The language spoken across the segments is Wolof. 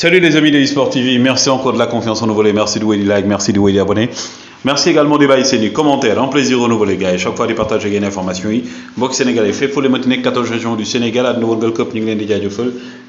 Salut les amis de eSport TV, merci encore de la confiance en renouvelée, merci de vous liker, merci de vous abonner. Merci également de baisser les commentaires, un plaisir renouvelé les gars. Et chaque fois de partager une information, Box Sénégalais fait pour les matinées 14 régions du Sénégal à nouveau World Cup, nous avons déjà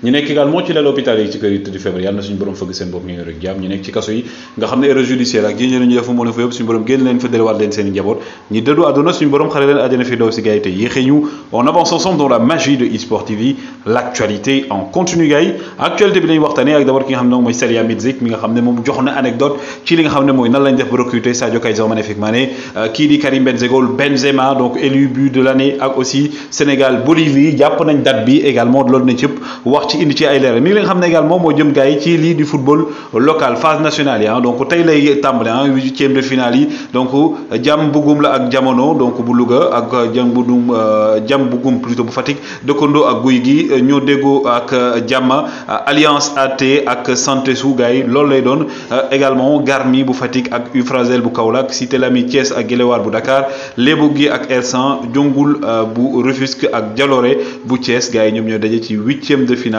ñu nekk également ci lal yi ci kër yi tëdd yalla na suñu borom fëgg seen bopp ngeen rek jàmm ñu nekk ci kasso yi nga xamné erreur judiciaire ak yéen ñu defa moo leen fa yóbbu suñu borom génn leen fa delluwaat leen seen i ñi dëddu aduna suñu borom xalé leen aduna fi daw ci gars yi te on avance ensemble dans la magie de e-sport TV l'actualité en continu gars actualité bi lay waxtaanee ak d'abord ki nga xamné moy Seria Saliha mi nga xamné mom moom jox na anecdote ci li nga xamné moy nan lañ def ba recruter Sadio Kaiser Magnifique Mané euh, ki di Karim Benzema Benzema donc élu but de l'année ak aussi Sénégal Bolivie japp nañ date bi également loolu nañ cëpp wax ci indi ci ay leral mi également jëm gars ci football local phase nationale yi ah. donc tay lay tàmbale 8e ah, de finale yi donc Jam bugum la ak jamono donc bu Louga ak jàmm bu dum de euh, bugum plutôt bu Fatick dëkkandoo ak guy gi ñoo ak alliance AT ak santé sou gars lay euh, également Garmi bu fatik ak Ufrazel bu kaolak Cité Lamy Thiès ak gelewar bu Dakar Lébu gi ak Ersan Jongul euh, bu refusque ak Jalooré bu ties gars ñom ñoy dajé ci de finale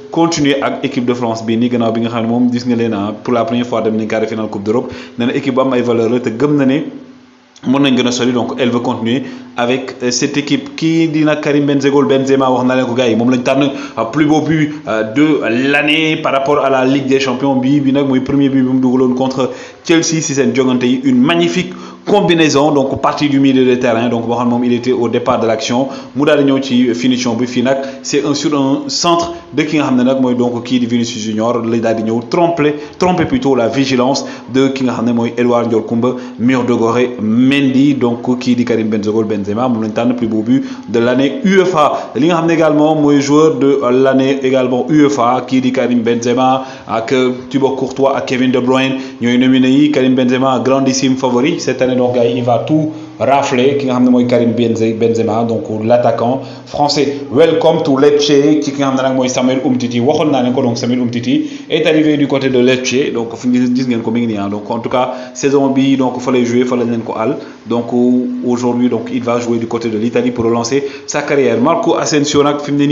continuer avec équipe de France bi ni gannaaw bi nga xam mom gis nga leena ah, pour la première fois dem ni quart de finale coupe d'Europe nana équipe bu am ay valeur la te gëm na ne mën nañ gën sori donc elle veut continuer avec euh, cette équipe qui dina Karim Benzema Benzema wax na len ko gars mom lañ euh, plus beau but euh, de l'année par rapport à la Ligue des Champions bi bi nak moy premier but bi mu dugaloon contre Chelsea si sen jogante yi une magnifique combinaison donc au parti du milieu de terrain donc il était au départ de l'action mouda qui di finit ci finition c'est un un centre de King nga donc qui di Vinicius Junior l'état daal di tromper tromper plutôt la vigilance de King nga Edouard mur Mendy donc qui dit Karim Benzema Benzema le plus beau but de l'année UEFA li nga également un joueur de l'année également UEFA qui dit Karim Benzema ak euh, Thibaut Courtois à Kevin De Bruyne nominé Karim Benzema grandissime favori cette année année donc il va tout rafler ki nga xam ne Karim Benzema donc l'attaquant français welcome to Lecce ki nga xam ne Samuel Umtiti waxoon naa leen donc Samuel Umtiti est arrivé du côté de Lecce donc fi ngeen gis ko mi hein. donc en tout cas saison bi donc fallait jouer fa lañ leen ko all. donc aujourd'hui donc il va jouer du côté de l'Italie pour relancer sa carrière Marco Asensio nag fi ni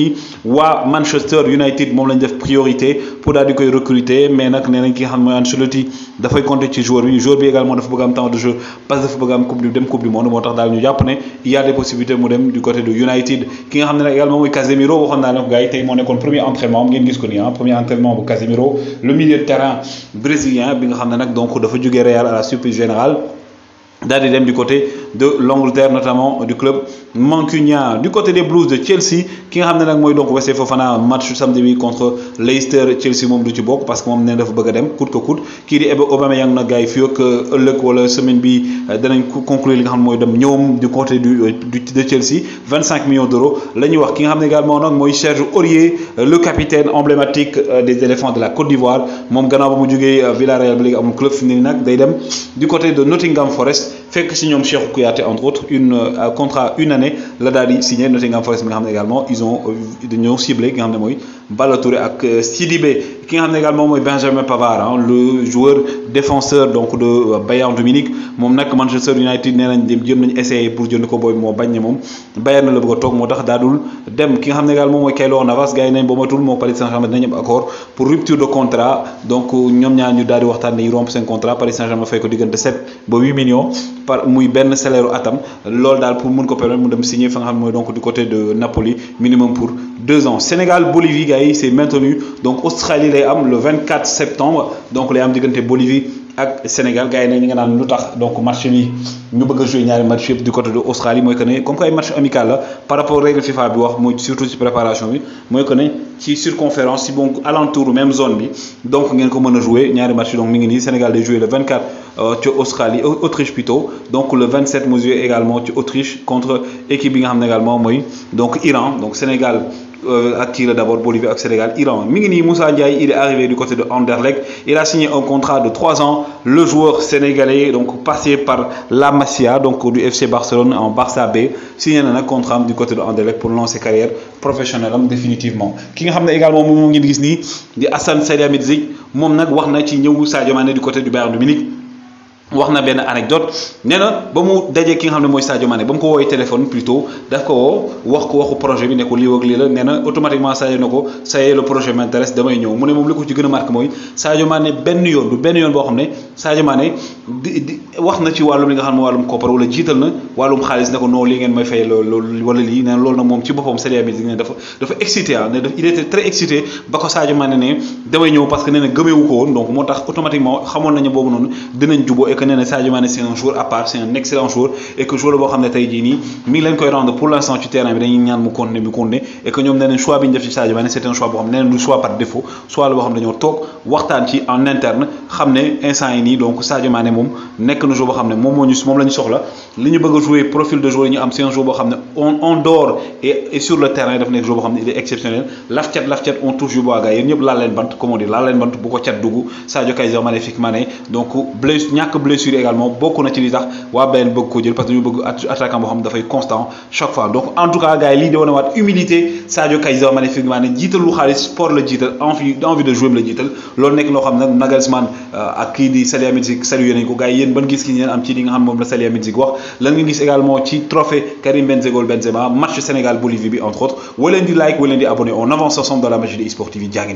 ne Manchester United mon lañ def priorité pour daal koy recruter mais nag nee nañ ki nga xam Ancelotti fay compter ci joueur bi joueur bi également dafa bëgg am temps de jeu parce que dafa bëgg am coupe du dem coupe du monde motax tax ñu japp ne il y a des possibilités mu dem du côté de United ki nga xam ne nag également mooy Casemiro waxon naa ne ko gars yi tey premier entraînement am ngeen gis ko ni hein premier entraînement bu Casemiro le milieu de terrain brésilien bi nga xam nak nag donc dafa jógee Real à la surprise générale d'aller du côté de l'Angleterre notamment du club mancunien du côté des Blues de Chelsea ki nga xam ne nag mooy donc Wesley Fofana match samedi bi contre Leicester Chelsea mon du ci bokk parce que moom nee dafa bëgg dem coûte que coûte kii di Ebe Aubameyang nag gars yi fii ak ëllëg wala semaine bi euh, d'un conclure li nga xam ne dem du côté du euh, de Chelsea 25 millions d'euros la ñuy wax ki nga xam ne également nag mooy Serge Aurier le capitaine emblématique euh, des éléphants de la Côte d'Ivoire mon gannaaw ba mu jógee Villarreal mon club fi mu day dem du côté de Nottingham Forest fekk si ñoom Cheikhou Kouyaté entre autres une euh, contrat une année la daal di signé Nottingham Forest bi nga xam également ils ont euh, ciblé ki nga xam ne mooy Touré ak euh, Sidibé ki nga xam également moy Benjamin Pavard hein, le joueur défenseur donc de Bayern de Munich moom Manchester United né nañ dem jëm nañu essayé pour jënd ko boy mo bañ ne Bayern la bëgg tok motax daadul dem ki nga xamné également moy Keylor Navas gars yi nañ ba mo Paris Saint-Germain dinañ am accord pour rupture de contrat donc ñom ñaar ñu daal di waxtaan ne ñu romp seen contrat Paris Saint-Germain fay ko diggante 7 ba 8 millions par muy ben salaire atam lol dal pour mën ko permettre mu dem signer fa nga xam moy donc du côté de Napoli minimum pour deux ans Sénégal Bolivie gars c'est maintenu donc Australie lay am le 24 septembre donc lay am diggante Bolivie ak Sénégal gars yi nag nga nan lutax donc match yi ñu bëgg jouer ñaari match du côté de Australie moy que né comme quoi, ay match amical la par rapport règle FIFA bi wax moy surtout ci préparation bi moy que né ci circonférence si bon alentour même zone bi donc ngeen ko mëna jouer ñaari match donc mi Sénégal day jouer le 24. Euh, Australie Autriche plutôt donc le 27 mesure également Autriche contre équipe également donc Iran donc Sénégal. Euh, attire d'abord Bolivie avec Sénégal, Iran. Mingini Moussa Ndiaye, il est arrivé du côté de Anderlecht. Il a signé un contrat de 3 ans. Le joueur sénégalais, donc passé par la Masia, donc du FC Barcelone en Barça B, signé un contrat du côté de Anderlecht pour lancer carrière professionnelle définitivement. Qui a également Moumou de Hassan Sadia Medzik, Moumnak Warnachi du côté du Bayern Munich. wax na benn anecdote nee na ba mu dajee ki nga xam ne mooy Sadio Mané ba mu ko woowee téléphone plutôt daf ko woo wax ko waxu a marqué mooy Sadio boo xam ne Sadio Mané di di wax na ci wàllum li nga xam ne wàllum koppar wala jiital na wàllum xaalis ne ko non lii ngeen may fay dafa dafa excité ah, ne dafa il était très excité ba ko Sadio ne damay ñëw parce que nee na ko woon donc moo tax automatiquement xamoon nañu boobu noonu dinañ juboo que nee Sadio Mané c'est un joueur à part c'est un excellent joueur et que joueur bo xamné tay tey jii mi ngi leen koy rendre pour l'instant ci terrain bi dañuy ñaan mu continuer mu continuer et que ñom nee choix bi ñu def ci Sadio Mané c'est un choix bo xamné ne nee du choix par défaut soit bo xamné dañu tok dañoo waxtaan ci en interne xamné instant yi ni donc Sadio Mané mom nek na joueur bo xamné mom moñu mom ñu soxla liñu bëgg jouer profil de joueur ñu am c'est un joueur bo xamné on on dort et sur le terrain daf nekk joueur bo xamné il est exceptionnel laf cat laf cat on touche yu boagaa yéen ñëpp laal leen bant comme on dit laal leen bant bu ko cat dugg Sadio Kaiser magnifique Mané donc blessure ñak blessure également beaucoup na ci li tax beaucoup Bayern bëgg ko jël parce que ñu bëgg attaquant bo xam dafay constant chaque fois donc en tout cas gars yi lii di wane waat humilité Sadio Kay Zawa magnifiquement jital lu xaalis sport la jiital envie envie de jouer le jital lool nek lo xam nak Nagelsmann euh, ak ki di Salihamidzic salué nañ ko gars yi yéen ban gis ki ñeen am ci li nga xam mom la midi wax lan nga gis également ci trophée Karim Benzema Benzema match Sénégal Bolivie bi entre autres woo di like woo di abonné on avance ensemble dans la magie des sportifs yi